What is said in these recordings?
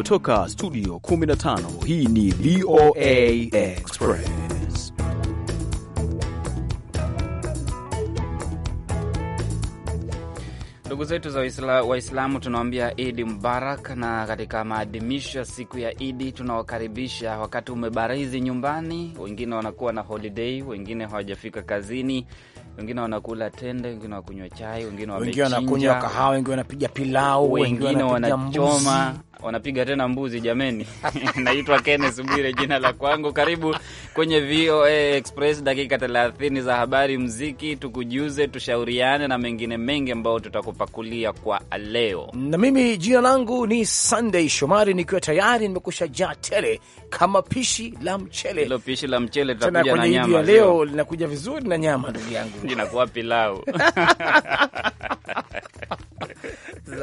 Kutoka studio 15 hii ni VOA Express. Ndugu zetu za Waislamu tunawambia Idi Mubarak, na katika maadhimisho ya siku ya Idi tunawakaribisha wakati umebarizi nyumbani, wengine wanakuwa na holiday, wengine hawajafika kazini wengine wanakula tende, wengine wakunywa chai, wengine wamechinja, wengine wanakunywa kahawa, wengine wanapiga pilau, wengine wanachoma wanapiga tena mbuzi jameni. Naitwa Kenneth Bwire jina la kwangu. Karibu kwenye VOA Express, dakika thelathini za habari, mziki, tukujuze, tushauriane na mengine mengi ambayo tutakupakulia kwa leo. Na mimi jina langu ni Sunday Shomari, nikiwa tayari nimekusha jaa tele kama pishi la mchele. Hilo pishi la mchele tutakuja na nyama leo, linakuja vizuri na nyama, ndugu yangu, linakuwa pilau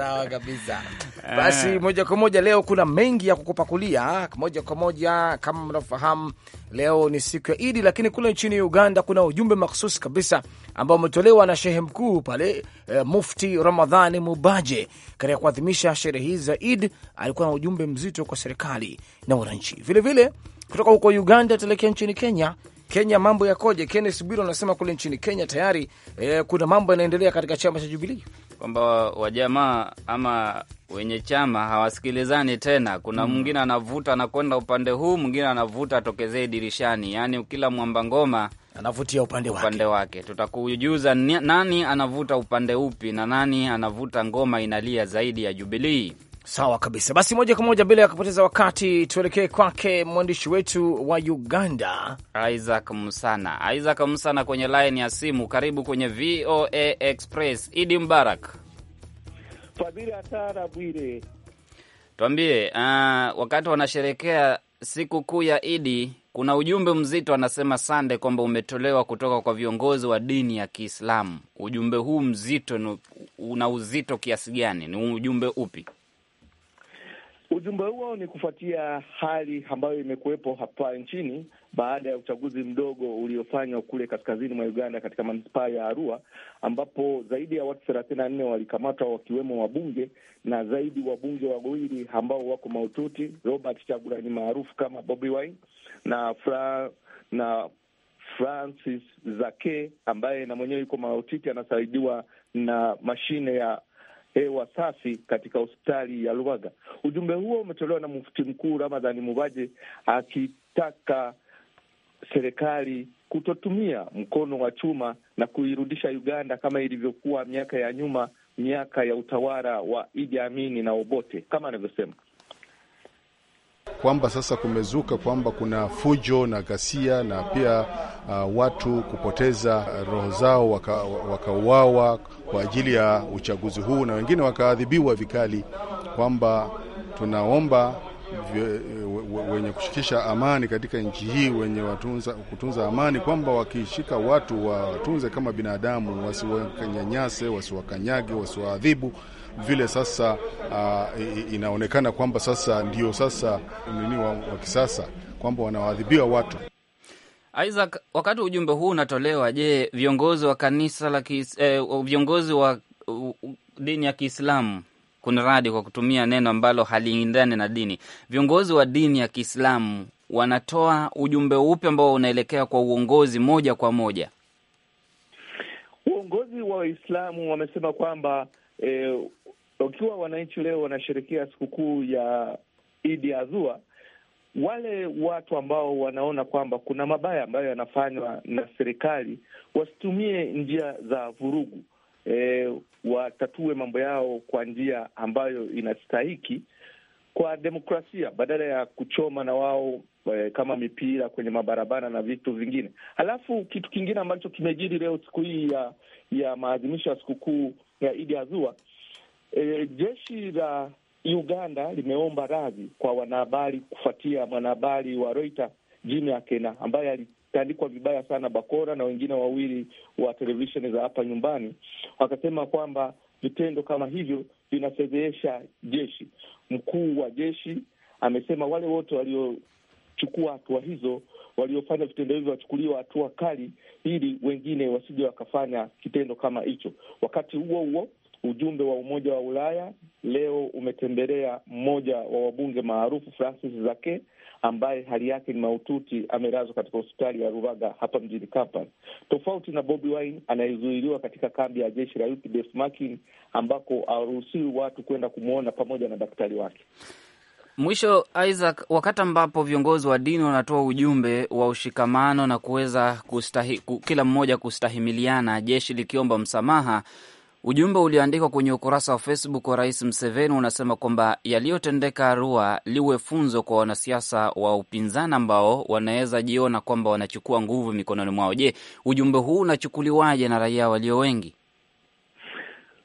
sawa kabisa. Eh. Basi moja kwa moja leo kuna mengi ya kukupakulia. Moja kwa moja, kama mnafahamu, leo ni siku ya Idi, lakini kule nchini Uganda kuna ujumbe makhususi kabisa ambao umetolewa na shehe mkuu pale, e, Mufti Ramadhani Mubaje. Katika kuadhimisha sherehe hizi za Id. alikuwa na ujumbe mzito kwa serikali na wananchi vilevile. Kutoka huko Uganda tuelekea nchini Kenya. Kenya mambo yakoje? Kenneth Bwiro anasema kule nchini Kenya tayari eh, kuna mambo yanaendelea katika chama cha Jubilii kwamba wajamaa ama wenye chama hawasikilizani tena. Kuna mm. mwingine anavuta anakwenda upande huu, mwingine anavuta atokezee dirishani. Yaani kila mwamba ngoma anavutia upande wake, wake. Tutakujuza nani anavuta upande upi na nani anavuta ngoma inalia zaidi ya Jubilii. Sawa kabisa. Basi moja kwa moja bila ya kupoteza wakati, tuelekee kwake mwandishi wetu wa Uganda, Isaac msana Isaac Msana kwenye laini ya simu, karibu kwenye VOA Express. Idi Mbarak Fadhili Atara Bwire, tuambie, uh, wakati wanasherekea siku kuu ya Idi, kuna ujumbe mzito anasema Sande kwamba umetolewa kutoka kwa viongozi wa dini ya Kiislamu. Ujumbe huu mzito una uzito kiasi gani? Ni ujumbe upi? Ujumbe huo ni kufuatia hali ambayo imekuwepo hapa nchini baada ya uchaguzi mdogo uliofanywa kule kaskazini mwa Uganda katika manispaa ya Arua, ambapo zaidi ya watu thelathini na nne walikamatwa wakiwemo wabunge na zaidi wabunge wawili ambao wako maututi, Robert Chagulanyi maarufu kama Bobi Wine na Fra na Francis Zake ambaye na mwenyewe yuko maututi anasaidiwa na mashine ya hewa safi katika hospitali ya lwaga Ujumbe huo umetolewa na mufti mkuu Ramadhani Mubaje akitaka serikali kutotumia mkono wa chuma na kuirudisha Uganda kama ilivyokuwa miaka ya nyuma, miaka ya utawala wa Idi Amini na Obote kama anavyosema kwamba sasa kumezuka kwamba kuna fujo na ghasia na pia uh, watu kupoteza uh, roho zao wakauawa waka kwa ajili ya uchaguzi huu na wengine wakaadhibiwa vikali, kwamba tunaomba wenye kushikisha amani katika nchi hii, wenye watunza, kutunza amani kwamba wakishika watu watunze kama binadamu, wasiwanyanyase, wasiwakanyage, wasiwaadhibu vile sasa uh, inaonekana kwamba sasa ndio sasa nini wa, wa kisasa kwamba wanawaadhibia watu. Isaac, wakati ujumbe huu unatolewa, je, viongozi wa kanisa la eh, viongozi wa uh, dini ya Kiislamu kuna radi kwa kutumia neno ambalo haliendani na dini, viongozi wa dini ya Kiislamu wanatoa ujumbe upi ambao unaelekea kwa uongozi moja kwa moja? Uongozi wa Waislamu wamesema kwamba eh, ukiwa wananchi leo wanasherekea sikukuu ya Idi Adhua, wale watu ambao wanaona kwamba kuna mabaya ambayo yanafanywa na serikali wasitumie njia za vurugu, e, watatue mambo yao kwa njia ambayo inastahiki kwa demokrasia, badala ya kuchoma na wao e, kama mipira kwenye mabarabara na vitu vingine. Halafu kitu kingine ambacho kimejiri leo siku hii ya ya maadhimisho ya sikukuu ya Idi azua E, jeshi la Uganda limeomba radhi kwa wanahabari kufuatia mwanahabari wa Reuters Jimmy Akena ambaye alitandikwa vibaya sana bakora na wengine wawili wa televisheni za hapa nyumbani. Wakasema kwamba vitendo kama hivyo vinafedhehesha jeshi. Mkuu wa jeshi amesema wale wote waliochukua hatua hizo, waliofanya vitendo hivyo wachukuliwe hatua kali, ili wengine wasije wakafanya kitendo kama hicho. Wakati huo huo ujumbe wa Umoja wa Ulaya leo umetembelea mmoja wa wabunge maarufu Francis Zake ambaye hali yake ni mahututi, amelazwa katika hospitali ya Ruvaga hapa mjini Kampala, tofauti na Bobi Wine anayezuiliwa katika kambi ya jeshi la UPDF ambako hawaruhusiwi watu kwenda kumwona pamoja na daktari wake. Mwisho Isaac, wakati ambapo viongozi wa dini wanatoa ujumbe wa ushikamano na kuweza kustahi, kila mmoja kustahimiliana, jeshi likiomba msamaha Ujumbe ulioandikwa kwenye ukurasa wa Facebook wa Rais Mseveni unasema kwamba yaliyotendeka Arua liwe funzo kwa wanasiasa wa upinzani ambao wanaweza jiona kwamba wanachukua nguvu mikononi mwao. Je, ujumbe huu unachukuliwaje na raia walio wengi?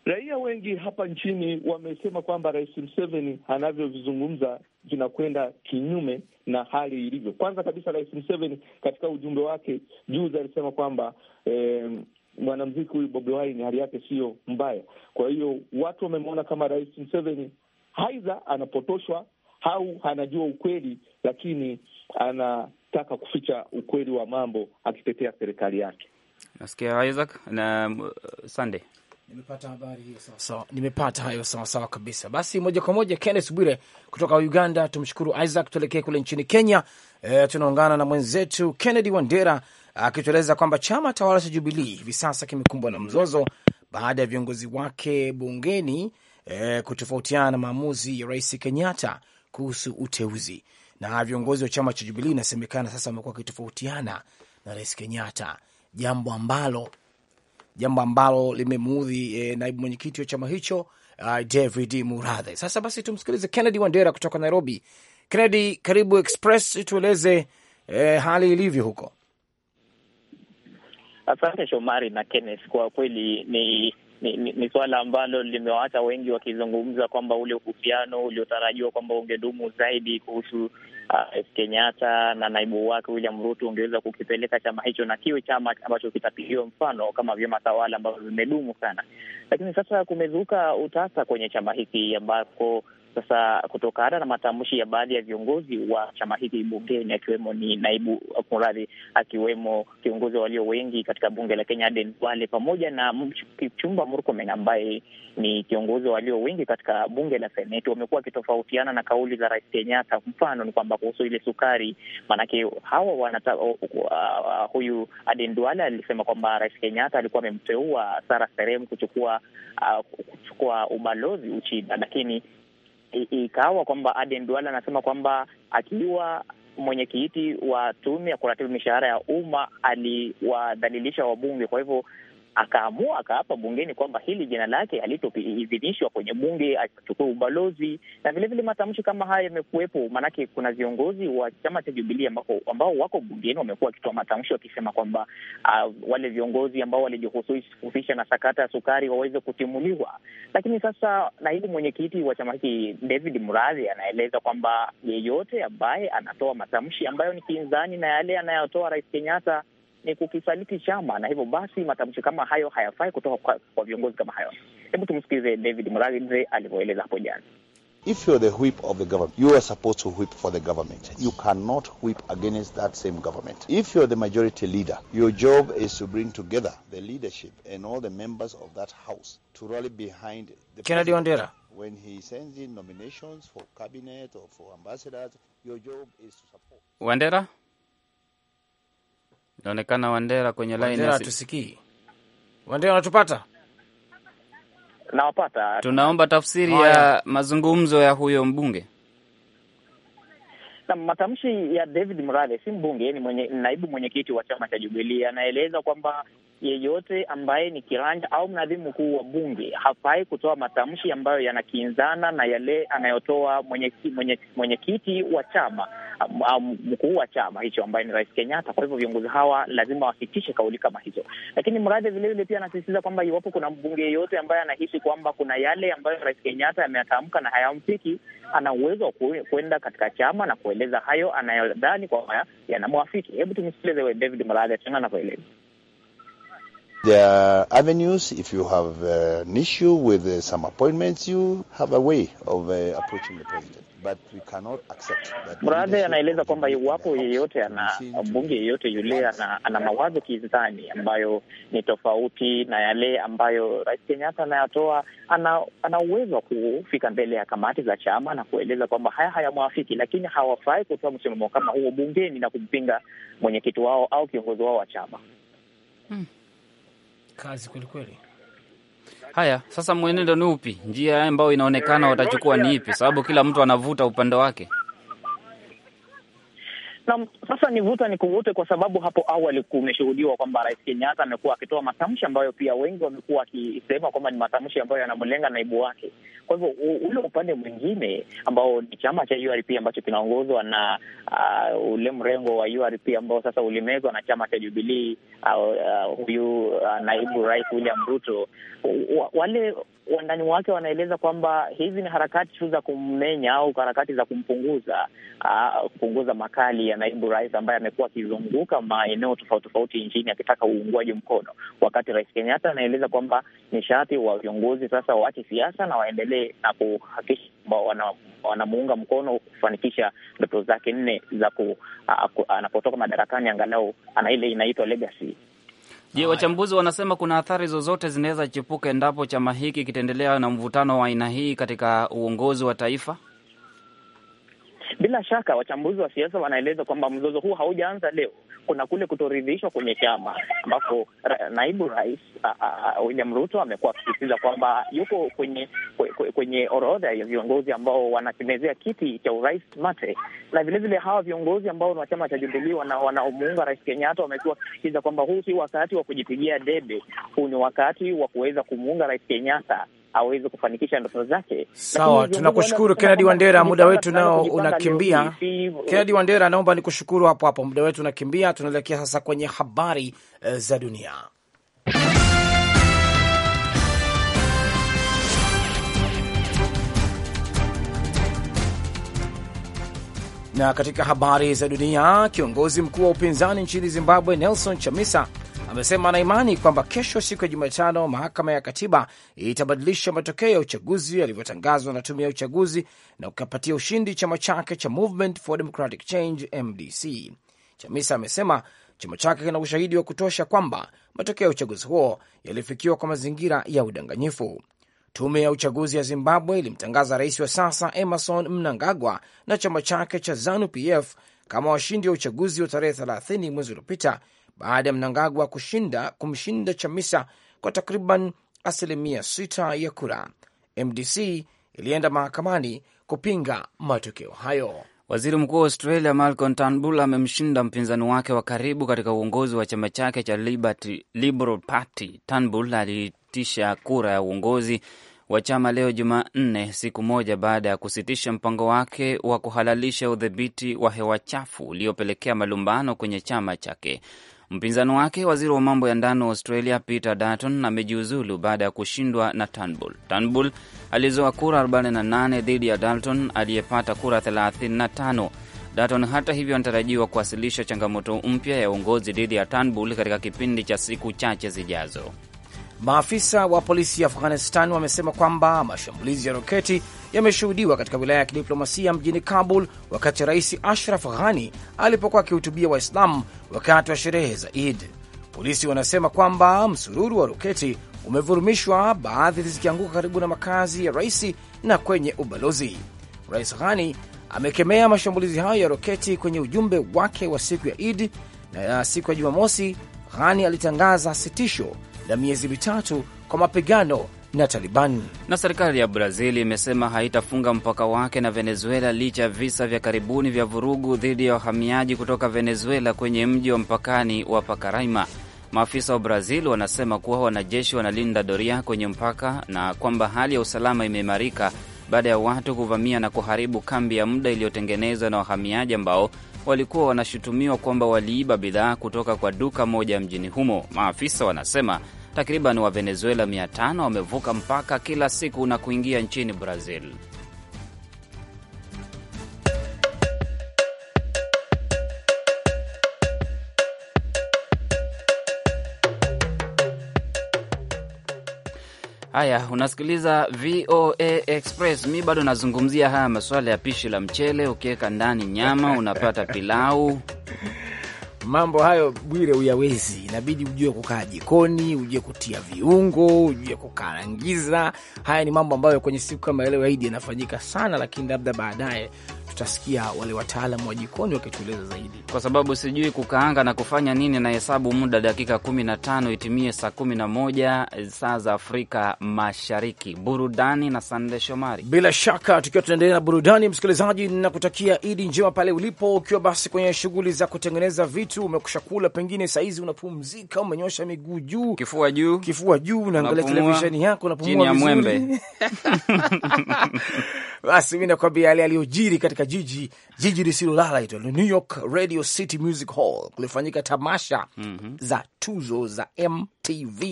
Raia wengi hapa nchini wamesema kwamba Rais Mseveni anavyovizungumza vinakwenda kinyume na hali ilivyo. Kwanza kabisa, Rais Mseveni katika ujumbe wake juzi alisema kwamba eh, mwanamziki huyu Bobi Wine hali yake siyo mbaya. Kwa hiyo watu wamemwona kama Rais Museveni aidha anapotoshwa au anajua ukweli, lakini anataka kuficha ukweli wa mambo akitetea serikali yake. Nasikia Isaac na uh, Sunday. Nimepata habari hiyo sawa sawa, nimepata hayo sawa sawa kabisa. Basi moja kwa moja, Kenneth Bwire kutoka Uganda. Tumshukuru Isaac, tuelekee kule nchini Kenya. E, tunaungana na mwenzetu Kennedy Wandera akitueleza ah, kwamba chama tawala cha Jubilii hivi sasa kimekumbwa na mzozo baada ya viongozi wake bungeni e, kutofautiana na maamuzi ya Rais Kenyatta kuhusu uteuzi. Na viongozi wa chama cha Jubilii inasemekana sasa wamekuwa wakitofautiana na Rais Kenyatta, jambo ambalo jambo ambalo limemuudhi e, naibu mwenyekiti wa chama hicho uh, David Muradhe. Sasa basi tumsikilize Kennedy Wandera kutoka Nairobi. Kennedy, karibu Express, tueleze e, hali ilivyo huko. Asante Shomari na Kenneth, kwa kweli ni ni, ni, ni suala ambalo limewaacha wengi wakizungumza kwamba ule uhusiano uliotarajiwa kwamba ungedumu zaidi kuhusu uh, Kenyatta na naibu wake William Ruto ungeweza kukipeleka chama hicho na kiwe chama ambacho kitapigiwa mfano kama vyama tawala ambavyo vimedumu sana, lakini sasa kumezuka utata kwenye chama hiki ambako sasa kutokana na matamshi ya baadhi ya viongozi wa chama hiki bungeni, akiwemo ni naibu mradhi, akiwemo kiongozi walio wengi katika bunge la Kenya Aden Duale, pamoja na Kipchumba Murkomen ambaye ni kiongozi walio wengi katika bunge la Seneti, wamekuwa wakitofautiana na kauli za Rais Kenyatta. Mfano ni kwamba kuhusu ile sukari, maanake hawa wanata, uh, uh, huyu Aden Duale alisema kwamba Rais Kenyatta alikuwa amemteua Sara Serem kuchukua uh, kuchukua ubalozi Uchina, lakini ikawa kwamba Aden Duale anasema kwamba akiwa mwenyekiti wa tume ya kuratibu mishahara ya umma aliwadhalilisha wabunge. Kwa hivyo akaamua akaapa bungeni kwamba hili jina lake alitoidhinishwa kwenye bunge, achukue ubalozi. Na vilevile matamshi kama haya yamekuwepo, maanake kuna viongozi wa chama cha Jubilii ambao wako bungeni wamekuwa wakitoa matamshi wakisema kwamba uh, wale viongozi ambao walijihusisha na sakata ya sukari waweze kutimuliwa. Lakini sasa naibu mwenyekiti wa chama hiki David Murathi anaeleza kwamba yeyote ambaye anatoa matamshi ambayo ni kinzani na yale anayotoa Rais Kenyatta ni kukisaliti chama, na hivyo basi matamshi kama hayo hayafai kutoka kwa, kwa viongozi kama hayo. Hebu tumsikilize David Muraridhe alivyoeleza hapo jana. If you're the whip of the government, you are supposed to whip for the government. You cannot whip against that same government. If you're the majority leader, your job is to bring together the leadership and all the members of that house to rally behind the Kennedy Wandera. When he sends in nominations for cabinet or for ambassadors, your job is to support. Wandera? Inaonekana Wandera kwenye line tusikii. Wandera, unatupata? Nawapata. Tunaomba tafsiri Maya ya mazungumzo ya huyo mbunge na matamshi ya David Mrale, si mbunge, ni mwenye, naibu mwenyekiti wa chama cha Jubilee, anaeleza kwamba yeyote ambaye ni kiranja au mnadhimu mkuu wa bunge hafai kutoa matamshi ambayo yanakinzana na yale anayotoa mwenyekiti mwenye, mwenye wa chama mkuu wa chama hicho ambaye ni Rais Kenyatta. Kwa hivyo viongozi hawa lazima wafikishe kauli kama hizo, lakini mradhi vilevile pia anasisitiza kwamba iwapo kuna mbunge yeyote ambaye anahisi kwamba kuna yale ambayo Rais Kenyatta ameyatamka na hayamfiki, ana uwezo wa kwenda katika chama na kueleza hayo anayodhani kwamba yanamwafiki. Hebu tumsikilize David na kueleza There are avenues if you have uh, an issue with uh, some appointments you have a way of uh, approaching the president. Mradhe anaeleza kwamba iwapo yeyote ana mbunge yeyote yule ana, ana mawazo kinzani ambayo ni tofauti na yale ambayo Rais Kenyatta anayatoa, ana, ana uwezo wa kufika mbele ya kamati za chama na kueleza kwamba haya hayamwafiki, lakini hawafai kutoa msimamo kama huo bungeni na kumpinga mwenyekiti wao au kiongozi wao wa chama hmm kazi kwelikweli. Haya, sasa mwenendo ni upi? Njia ambayo inaonekana watachukua ni ipi? Sababu kila mtu anavuta upande wake na sasa ni vuta ni kuvute, kwa sababu hapo awali kumeshuhudiwa kwamba Rais Kenyatta amekuwa akitoa matamshi ambayo pia wengi wamekuwa wakisema kwamba ni matamshi ambayo yanamlenga naibu wake. Kwa hivyo ule upande mwingine ambao ni chama cha URP ambacho kinaongozwa na uh, ule mrengo wa URP ambao sasa ulimezwa na chama cha Jubilii uh, uh, huyu uh, naibu rais William Ruto, wale wandani wake wanaeleza kwamba hizi ni harakati tu za kummenya au harakati za kumpunguza, ah, kupunguza makali ya naibu rais ambaye amekuwa akizunguka maeneo tofauti tofauti nchini akitaka uungwaji mkono, wakati rais Kenyatta anaeleza kwamba ni sharti wa viongozi sasa waache siasa na waendelee na kuhakikisha kwamba wanamuunga wana mkono kufanikisha ndoto zake nne za ku, ah, ku, anapotoka madarakani angalau ana ile inaitwa legacy Je, wachambuzi wanasema kuna athari zozote zinaweza chipuka endapo chama hiki kitaendelea na mvutano wa aina hii katika uongozi wa taifa? Bila shaka wachambuzi wa siasa wanaeleza kwamba mzozo huu haujaanza leo, kuna kule kutoridhishwa kwenye chama ambapo ra, naibu rais William Ruto amekuwa akisisitiza kwamba yuko kwenye kwenye, orodha ya viongozi ambao wanatemezea kiti cha urais mate, na vilevile hawa viongozi ambao ni wa chama cha Jubilii wanaomuunga rais Kenyatta wamekuwa wakisisitiza kwamba huu si wakati wa kujipigia debe, huu ni wakati wa kuweza kumuunga rais Kenyatta aweze kufanikisha ndoto zake. Sawa, tunakushukuru Kennedy Wandera, muda wetu nao unakimbia. Kennedy Wandera, naomba nikushukuru hapo hapo, muda wetu unakimbia. Tunaelekea sasa kwenye habari eh, za dunia. Na katika habari za dunia, kiongozi mkuu wa upinzani nchini Zimbabwe Nelson Chamisa amesema anaimani kwamba kesho, siku ya Jumatano, mahakama ya katiba itabadilisha matokeo ya uchaguzi yalivyotangazwa na tume ya uchaguzi na kukapatia ushindi chama chake cha Movement for Democratic Change, MDC. Chamisa amesema chama chake kina ushahidi wa kutosha kwamba matokeo ya uchaguzi huo yalifikiwa kwa mazingira ya udanganyifu. Tume ya uchaguzi ya Zimbabwe ilimtangaza rais wa sasa Emerson Mnangagwa na chama chake cha ZANU PF kama washindi wa uchaguzi wa tarehe 30 mwezi uliopita baada ya Mnangagwa kushinda kumshinda Chamisa kwa takriban asilimia sita ya kura. MDC ilienda mahakamani kupinga matokeo hayo. Waziri Mkuu wa Australia Malcolm Turnbull amemshinda mpinzani wake wa karibu katika uongozi wa chama chake cha Liberty, Liberal Party. Turnbull aliitisha kura ya uongozi wa chama leo Jumanne, siku moja baada ya kusitisha mpango wake wa kuhalalisha udhibiti wa hewa chafu uliopelekea malumbano kwenye chama chake. Mpinzani wake waziri wa mambo ya ndani wa Australia Peter Dutton amejiuzulu baada ya kushindwa na Turnbull. Turnbull alizoa kura 48 dhidi ya Dalton aliyepata kura 35. Dutton hata hivyo anatarajiwa kuwasilisha changamoto mpya ya uongozi dhidi ya Turnbull katika kipindi cha siku chache zijazo. Maafisa wa polisi ya Afghanistan wamesema kwamba mashambulizi ya roketi yameshuhudiwa katika wilaya ya kidiplomasia mjini Kabul wakati Rais Ashraf Ghani alipokuwa akihutubia Waislamu wakati wa sherehe za Id. Polisi wanasema kwamba msururu wa roketi umevurumishwa, baadhi zikianguka karibu na makazi ya rais na kwenye ubalozi. Rais Ghani amekemea mashambulizi hayo ya roketi kwenye ujumbe wake wa siku ya Id, na siku ya Jumamosi Ghani alitangaza sitisho la miezi mitatu kwa mapigano na Taliban. Na serikali ya Brazil imesema haitafunga mpaka wake na Venezuela licha ya visa vya karibuni vya vurugu dhidi ya wahamiaji kutoka Venezuela kwenye mji wa mpakani wa Pakaraima. Maafisa wa Brazil wanasema kuwa wanajeshi wanalinda doria kwenye mpaka na kwamba hali ya usalama imeimarika baada ya watu kuvamia na kuharibu kambi ya muda iliyotengenezwa na wahamiaji ambao walikuwa wanashutumiwa kwamba waliiba bidhaa kutoka kwa duka moja mjini humo. Maafisa wanasema takriban Wavenezuela 500 wamevuka mpaka kila siku na kuingia nchini Brazil. Haya, unasikiliza VOA Express. Mi bado nazungumzia haya maswala ya pishi la mchele, ukiweka ndani nyama unapata pilau mambo hayo Bwire uyawezi, inabidi ujue kukaa jikoni, ujue kutia viungo, ujue kukarangiza. Haya ni mambo ambayo kwenye siku kama leo Idi yanafanyika sana, lakini labda baadaye tutasikia wale wataalamu wa jikoni wakitueleza zaidi, kwa sababu sijui kukaanga na kufanya nini. na hesabu muda dakika kumi na tano itimie saa kumi na moja saa za Afrika Mashariki. Burudani na Sande Shomari, bila shaka tukiwa tunaendelea na burudani, msikilizaji, na kutakia Idi njema pale ulipo, ukiwa basi kwenye shughuli za kutengeneza vitu, umekusha kula, pengine sahizi unapumzika, umenyosha miguu juu, kifua juu, kifua juu, unaangalia televisheni yako, unapumua vizuri, basi mi nakwambia yale yaliyojiri katika jiji jiji lisilolala ito New York Radio City Music Hall kulifanyika tamasha mm -hmm. za tuzo za MTV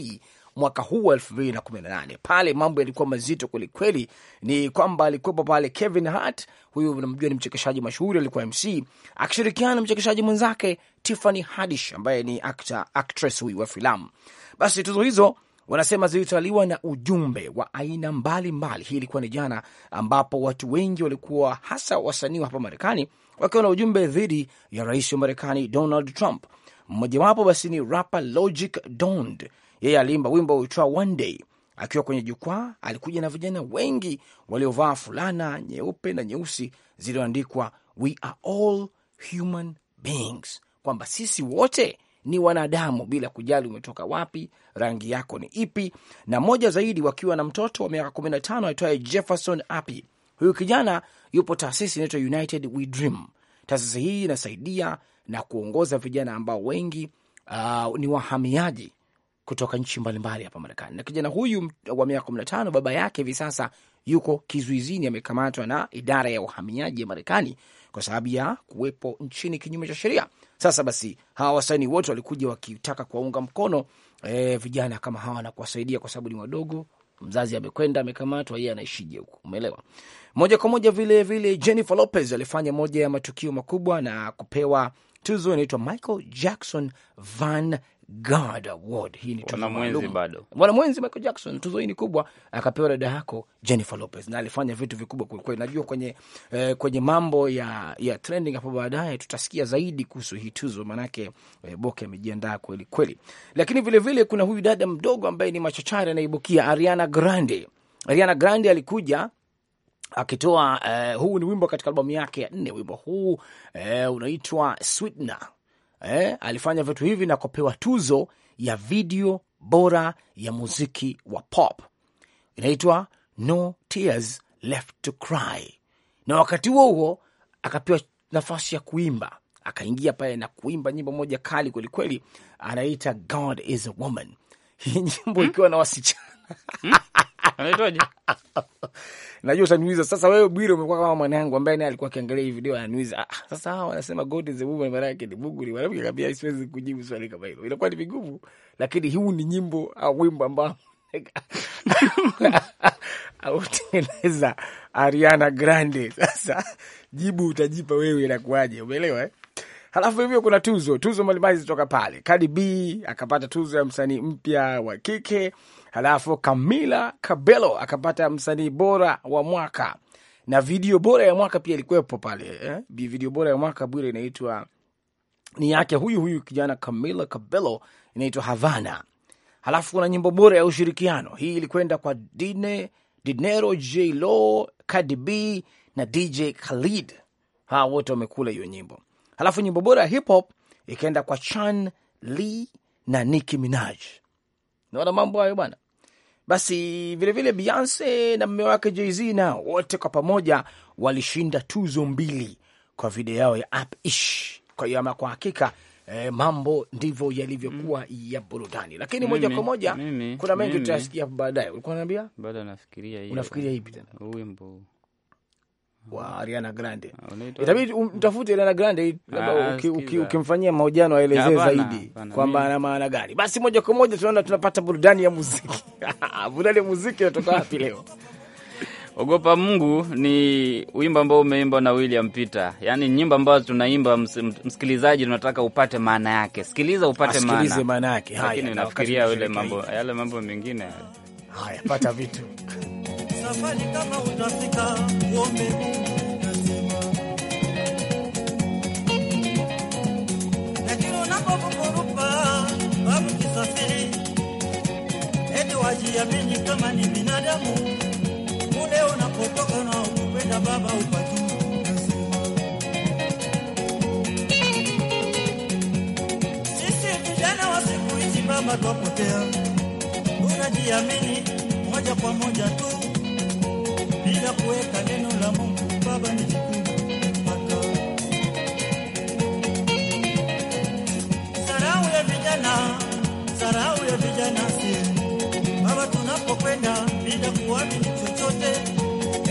mwaka huu wa elfu mbili na kumi na nane. Pale mambo yalikuwa mazito kwelikweli. Ni kwamba alikuwepo pale Kevin Hart, huyu unamjua ni mchekeshaji mashuhuri, alikuwa MC akishirikiana na mchekeshaji mwenzake Tiffany Haddish ambaye ni actor, actress huyu wa filamu. Basi tuzo hizo wanasema zilitawaliwa na ujumbe wa aina mbalimbali. Hii ilikuwa ni jana, ambapo watu wengi walikuwa hasa wasanii wa hapa Marekani wakiwa na ujumbe dhidi ya rais wa Marekani Donald Trump. Mmojawapo basi ni rapa Logic Dond, yeye aliimba wimbo uitwa One Day akiwa kwenye jukwaa. Alikuja na vijana wengi waliovaa fulana nyeupe na nyeusi zilizoandikwa we are all human beings, kwamba sisi wote ni wanadamu, bila kujali umetoka wapi, rangi yako ni ipi. Na moja zaidi, wakiwa na mtoto wa miaka 15 aitwaye Jefferson Api. Huyu kijana yupo taasisi inaitwa United We Dream. Taasisi hii inasaidia na kuongoza vijana ambao wengi uh, ni wahamiaji kutoka nchi mbalimbali hapa Marekani. Na kijana huyu wa miaka 15, baba yake hivi sasa yuko kizuizini, amekamatwa na idara ya uhamiaji ya Marekani kwa sababu ya kuwepo nchini kinyume cha sheria. Sasa basi hawa wasanii wote walikuja wakitaka kuwaunga mkono e, vijana kama hawa na kuwasaidia kwa sababu ni wadogo mzazi amekwenda amekamatwa, yeye anaishije huku? Umeelewa? Moja kwa moja vile vile, Jennifer Lopez alifanya moja ya matukio makubwa na kupewa tuzo inaitwa Michael Jackson Van God Award. Hii ni tuzo maalum. Mwanamwenzi Michael Jackson, tuzo hii ni kubwa, akapewa dada yako Jennifer Lopez, na alifanya vitu vikubwa kwelikweli. Najua kwenye, eh, kwenye mambo ya, ya trending hapo baadaye tutasikia zaidi kuhusu hii tuzo, maanake eh, Boke amejiandaa kweli kweli, lakini vilevile vile, kuna huyu dada mdogo ambaye ni machachari anaibukia, Ariana Grande. Ariana Grande alikuja akitoa eh, huu ni wimbo katika albamu yake ya nne. Wimbo huu eh, unaitwa Sweetener eh, alifanya vitu hivi na kupewa tuzo ya video bora ya muziki wa pop inaitwa No Tears Left to Cry, na wakati huo huo akapewa nafasi ya kuimba, akaingia pale na kuimba nyimbo moja kali kwelikweli, anaita God is a Woman, hii nyimbo hmm? ikiwa na wasichana hmm? anaitwaje? Najua utaniuliza sasa, wewe Bwire umekuwa kama mwanangu ambaye naye alikuwa akiangalia hii video ananiuliza, ah, sasa hawa wanasema God is a woman, maana yake ni Mungu ni mwanamke. Kabia siwezi kujibu swali kama hilo, inakuwa ni vigumu, lakini huu ni nyimbo au wimbo ambao autengeneza Ariana Grande. Sasa jibu utajipa wewe, inakuwaje? Umeelewa eh? Halafu hivyo kuna tuzo tuzo mbalimbali zitoka pale. Cardi B akapata tuzo ya msanii mpya wa kike Halafu Camila Cabello akapata msanii bora wa mwaka na video bora ya mwaka pia ilikuwepo pale eh? Video bora ya mwaka bure inaitwa ni yake huyu huyu kijana Camila Cabello, inaitwa Havana. Halafu kuna nyimbo bora ya ushirikiano, hii ilikwenda kwa Dine, Dinero, J Lo, Cardi B na DJ Khalid. Hawa wote wamekula hiyo nyimbo. Halafu nyimbo bora ya hip hop ikaenda kwa Chan le na Nicki Minaj. Naona mambo hayo bwana. Basi vilevile vile Beyonce na mume wake Jay-Z na wote kwa pamoja walishinda tuzo mbili kwa video yao ya Up Ish. Kwa hiyo ama kwa hakika eh, mambo ndivyo yalivyokuwa mm, ya burudani. Lakini mimi, moja kwa moja mimi, kuna mengi tutasikia baadaye. Ulikuwa unaniambia? baada, nafikiria hiyo. Unafikiria hivi tena? Wimbo wa mm. Ariana Grande. Itabidi um, mtafute Ariana Grande ah, ukimfanyia mahojiano aelezee zaidi kwamba ana maana gani. Basi moja kwa moja tunaona tunapata burudani ya muziki. Burudani ya muziki inatoka wapi leo? Ogopa Mungu ni wimbo ambao umeimba na William Peter, yaani nyimbo ambazo tunaimba msikilizaji, tunataka upate maana yake. Sikiliza upate maana Sikilize maana yake, lakini nafikiria mambo, yale mambo mengine. Haya, pata vitu unafanya kama unafika uombe Mungu lazima, lakini unapokurupa au kisafiri eti wajiamini kama ni binadamu mule unapotoka na kupenda baba upatu sisi vijana wa siku hizi baba twapotea, unajiamini moja kwa moja tu bila kuweka neno la Mungu Baba ni jikumu. Sarau ya vijana, sarau ya vijana si Baba, tunapokwenda bila kuamini chochote,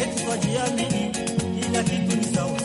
eti twajiamini, kila kitu ni sawa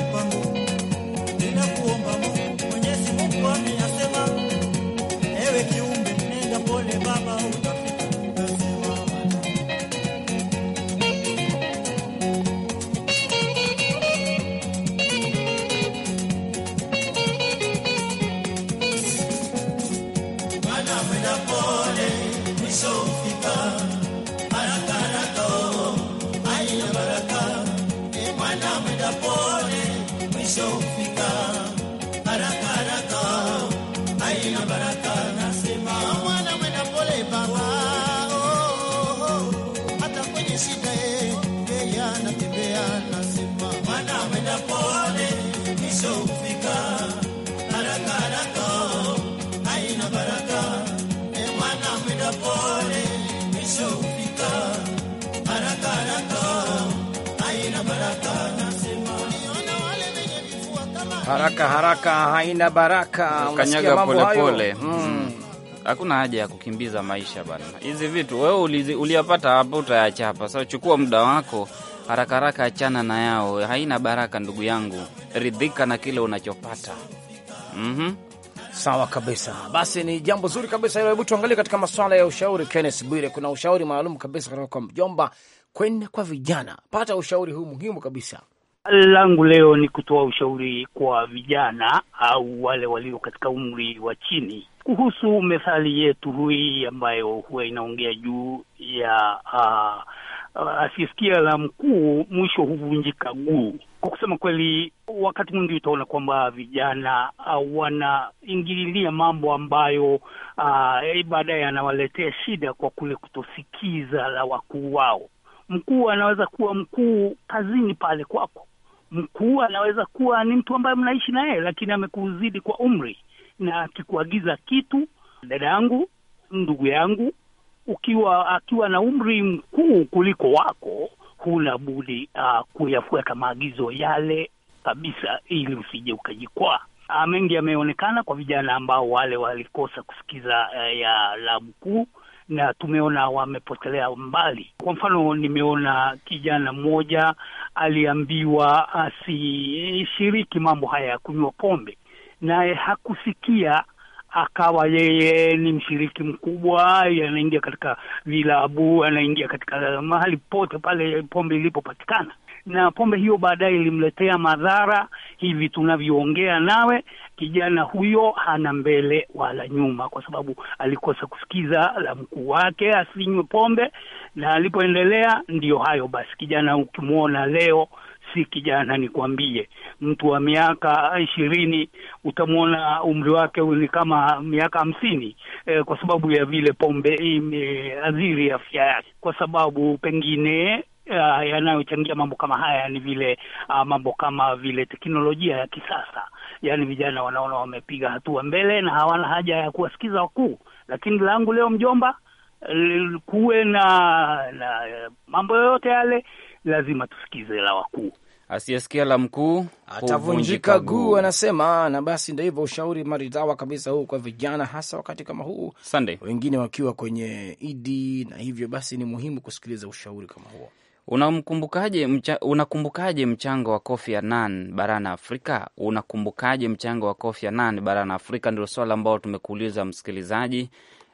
我。haraka haraka haina baraka, kanyaga polepole hmm. hmm. hakuna haja ya kukimbiza maisha bana. Hizi vitu wewe uliyapata hapo hapa. Sasa chukua muda wako haraka haraka, achana na yao, haina baraka ndugu yangu. Ridhika na kile unachopata. mm -hmm. Sawa kabisa, basi ni jambo zuri kabisa hilo. Hebu tuangalie katika maswala ya ushauri. Kenneth Bwire, kuna ushauri maalum kabisa kutoka kwa mjomba kwenda kwa vijana. Pata ushauri huu muhimu kabisa langu leo ni kutoa ushauri kwa vijana au wale walio katika umri wa chini kuhusu methali yetu hii ambayo huwa inaongea juu ya uh, asisikia la mkuu mwisho huvunjika guu. Kwa kusema kweli, wakati mwingi utaona kwamba vijana uh, wanaingililia mambo ambayo uh, baadaye yanawaletea shida kwa kule kutosikiza la wakuu wao. Mkuu anaweza kuwa mkuu kazini pale kwako, mkuu anaweza kuwa ni mtu ambaye mnaishi naye, lakini amekuzidi kwa umri, na akikuagiza kitu, dada yangu, ndugu yangu, ukiwa akiwa na umri mkuu kuliko wako, huna budi uh, kuyafuata maagizo yale kabisa, ili usije ukajikwaa. Ah, mengi yameonekana kwa vijana ambao wale walikosa kusikiza uh, ya labu kuu na tumeona wamepotelea mbali. Kwa mfano, nimeona kijana mmoja aliambiwa asishiriki mambo haya ya kunywa pombe, naye hakusikia akawa yeye ni mshiriki mkubwa, anaingia katika vilabu, anaingia katika mahali pote pale pombe ilipopatikana na pombe hiyo baadaye ilimletea madhara. Hivi tunavyoongea nawe, kijana huyo hana mbele wala nyuma, kwa sababu alikosa kusikiza la mkuu wake asinywe pombe, na alipoendelea ndiyo hayo basi. Kijana ukimwona leo si kijana, nikwambie, mtu wa miaka ishirini utamwona umri wake ni kama miaka hamsini eh, kwa sababu ya vile pombe imeadhiri afya yake, kwa sababu pengine uh, yanayochangia mambo kama haya ni vile uh, mambo kama vile teknolojia ya kisasa yaani vijana wanaona wamepiga hatua mbele na hawana haja ya kuwasikiza wakuu. Lakini langu leo, mjomba, eh, kuwe na, na mambo yoyote yale, lazima tusikize la wakuu. Asiyesikia la mkuu atavunjika guu, anasema. Na basi ndo hivyo, ushauri maridhawa kabisa huu kwa vijana, hasa wakati kama huu Sunday, wengine wakiwa kwenye idi, na hivyo basi ni muhimu kusikiliza ushauri kama huo. Unakumbukaje mcha, unakumbukaje mchango wa Kofi Annan barani Afrika? Unakumbukaje mchango wa Kofi Annan barani Afrika? Ndilo swala ambalo tumekuuliza msikilizaji,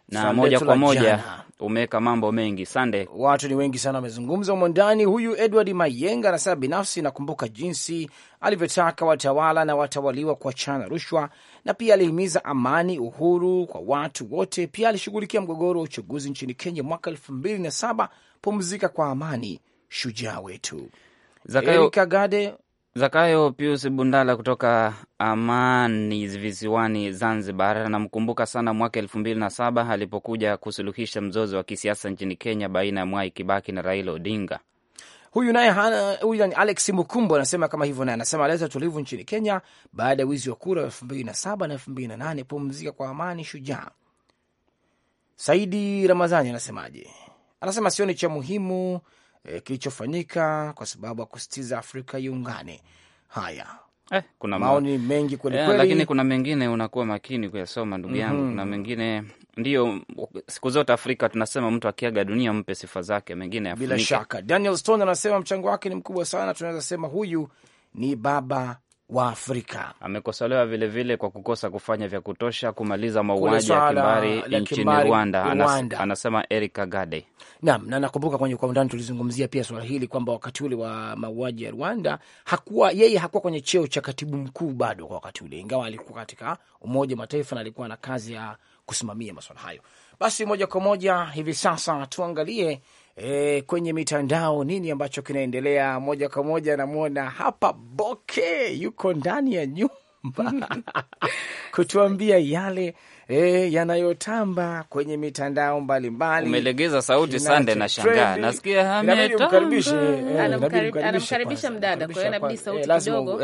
na Sande moja kwa moja umeweka mambo mengi Sande. Watu ni wengi sana wamezungumza humo ndani. Huyu Edward Mayenga anasema binafsi nakumbuka jinsi alivyotaka watawala na watawaliwa kuachana rushwa, na pia alihimiza amani, uhuru kwa watu wote. Pia alishughulikia mgogoro wa uchaguzi nchini Kenya mwaka elfu mbili na saba, pumzika kwa amani shujaa wetu. Zakayo Kagade, Zakayo Pius Bundala kutoka Amani visiwani Zanzibar anamkumbuka sana mwaka elfu mbili na saba alipokuja kusuluhisha mzozo wa kisiasa nchini Kenya baina ya Mwai Kibaki na Raila Odinga. Huyu naye huyu ni Alex Mukumbo anasema kama hivyo, naye anasema aleta tulivu nchini Kenya baada ya wizi wa kura wa elfu mbili na saba na elfu mbili na nane Pumzika kwa amani, shujaa. Saidi Ramazani anasemaje? Anasema sioni cha muhimu e, kilichofanyika kwa sababu ya kusitiza Afrika iungane. Haya, eh, kuna maoni mengi kweli eh, kweli, eh, lakini kuna mengine unakuwa makini kuyasoma ndugu mhm. yangu. mm -hmm. Kuna mengine ndio siku zote Afrika tunasema mtu akiaga dunia mpe sifa zake, mengine afunike. Bila shaka Daniel Stone anasema mchango wake ni mkubwa sana, tunaweza sema huyu ni baba wa Afrika. Amekosolewa vilevile kwa kukosa kufanya vya kutosha kumaliza mauaji ya kimbari nchini Rwanda, Rwanda. Anasema Eric Kagade nam na nakumbuka kwenye kwa undani tulizungumzia pia swala hili kwamba wakati ule wa mauaji ya Rwanda hakuwa yeye hakuwa kwenye cheo cha katibu mkuu bado kwa wakati ule, ingawa alikuwa katika Umoja wa Mataifa na alikuwa na kazi ya kusimamia maswala hayo. Basi moja kwa moja hivi sasa tuangalie e, kwenye mitandao, nini ambacho kinaendelea. Moja kwa moja namwona hapa Boke yuko ndani ya nyumba kutuambia yale e, yanayotamba kwenye mitandao mbalimbali. Umelegeza sauti sande na nasikia e, anamkaribisha mdada, kwa hiyo inabidi sauti e, kidogo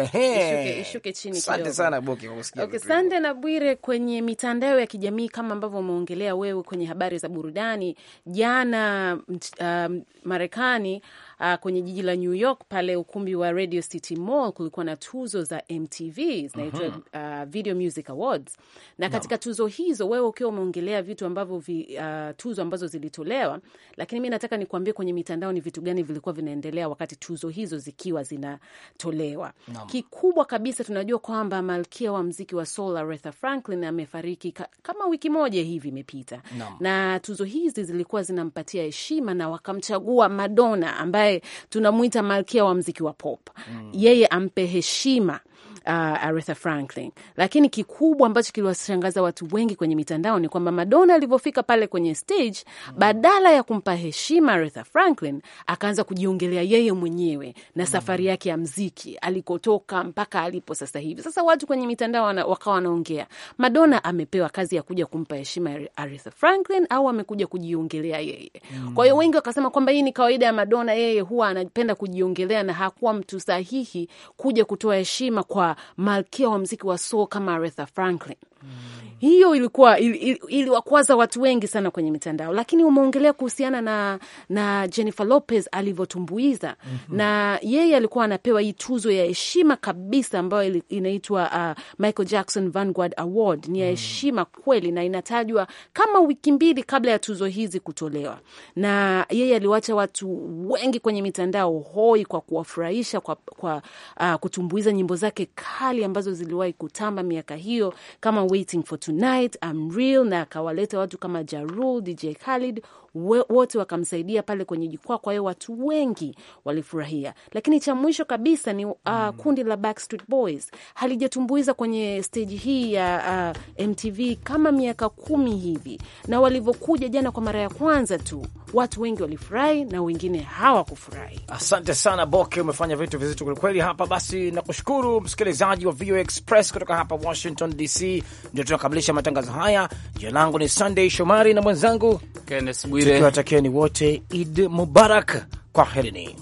ishuke chini Asante sana Boki kwa kusikia. Okay, sande na Bwire, kwenye mitandao ya kijamii kama ambavyo umeongelea wewe kwenye habari za burudani jana, um, Marekani uh, kwenye jiji la New York pale ukumbi wa Radio City Mall kulikuwa na tuzo za MTV zinaitwa mm -hmm. uh, Video Music Awards, na katika no. tuzo hizo wewe ukiwa umeongelea vitu ambavyo vi, uh, tuzo ambazo zilitolewa, lakini mi nataka nikuambie kwenye mitandao ni vitu gani vilikuwa vinaendelea wakati tuzo hizo zikiwa zinatolewa no. Kikubwa kabisa tunajua kwamba malkia wa mziki wa soul Aretha Franklin amefariki ka, kama wiki moja hivi imepita no. na tuzo hizi zilikuwa zinampatia heshima na wakamchagua Madonna ambaye ambaye tunamuita malkia wa mziki wa pop mm. yeye ampe heshima uh, Aretha Franklin. Lakini kikubwa ambacho kiliwashangaza watu wengi kwenye mitandao ni kwamba Madonna alivyofika pale kwenye stage, mm. badala ya kumpa heshima Aretha Franklin, akaanza kujiongelea yeye mwenyewe na mm. safari yake ya mziki alikotoka mpaka alipo sasa hivi. Sasa watu kwenye mitandao wakawa wanaongea Madonna amepewa kazi ya kuja kumpa heshima Aretha Franklin au amekuja kujiongelea yeye? Mm. Kwa hiyo wengi wakasema kwamba hii ni kawaida ya Madonna, yeye huwa anapenda kujiongelea na hakuwa mtu sahihi kuja kutoa heshima kwa malkia wa mziki wa soul kama Aretha Franklin. Mm hiyo ilikuwa iliwakwaza ili, ili watu wengi sana kwenye mitandao, lakini umeongelea kuhusiana na, na Jennifer Lopez alivyotumbuiza mm -hmm. na yeye alikuwa anapewa hii tuzo ya heshima kabisa ambayo inaitwa uh, Michael Jackson Vanguard Award. Ni ya mhm. heshima mm -hmm. kweli, na inatajwa kama wiki mbili kabla ya tuzo hizi kutolewa, na yeye aliwacha watu wengi kwenye mitandao hoi kwa kuwafurahisha kwa, kwa uh, kutumbuiza nyimbo zake kali ambazo ziliwahi kutamba miaka hiyo kama Waiting for tonight I'm real na akawaleta watu kama DJ Khalid wote wakamsaidia pale kwenye jukwaa. Kwa hiyo watu wengi walifurahia, lakini cha mwisho kabisa ni uh, mm. kundi la Backstreet Boys halijatumbuiza kwenye steji hii ya uh, MTV kama miaka kumi hivi, na walivyokuja jana kwa mara ya kwanza tu, watu wengi walifurahi na wengine hawakufurahi. Asante sana Boke, umefanya vitu vizito kwelikweli hapa. Basi nakushukuru msikilizaji wa VOA Express kutoka hapa Washington DC. Ndio tunakamilisha matangazo haya. Jina langu ni Sunday Shomari na mwenzangu Kenneth Bwire tukiwatakieni wote Id Mubarak, kwaherini.